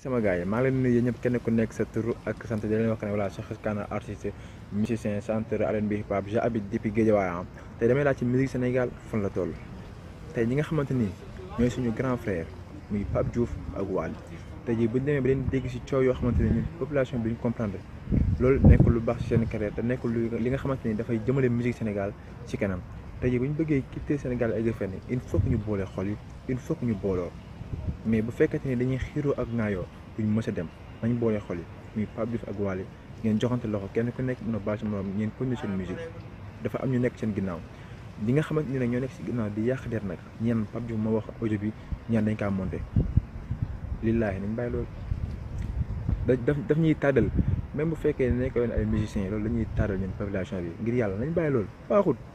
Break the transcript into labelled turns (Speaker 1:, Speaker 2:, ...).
Speaker 1: sama gars yi maa ngi leen ñëpp kenn ku nekk sa tur ak sant di leen wax ne voilà Cheikh Kana artiste musicien chanteur R&B hip hop j'habite depuis Guédiawaye tey damay laaj ci musique Sénégal fan la toll tey ñi nga xamante ni ñooy suñu grand frère muy Pape Diouf ak Wally tey jii bu ñu demee ba dégg si coow yoo xamante ne ñun population bi ñu comprendre loolu nekkul lu baax si seen carrière te nekkul li nga xamante ni dafay jëmale musique Sénégal ci kanam tey jii bu ñu bëggee quitter Sénégal ay fenn il ñu boole xol yi il faut que booloo mais bu fekkente ni dañuy xiiroo ak ngaayoo duñ mës a dem nañ boole xol yi muy Pape Diouf ak Wally ngeen joxante loxo kenn ku nekk mën a bâche moom ngeen continuer seen musique dafa am ñu nekk seen ginnaaw li nga xamante ni nag ñoo nekk si ginnaaw di yàq der nag ñeen Pape Diouf moo wax audio bi ñaan dañ kaa monté lillaahi nañ bàyyi loolu daf daf ñuy tàddal même bu fekkee ne nekkoon ay musiciens loolu
Speaker 2: la ñuy tàddal ñun population bi ngir yàlla nañ bàyyi loolu baaxul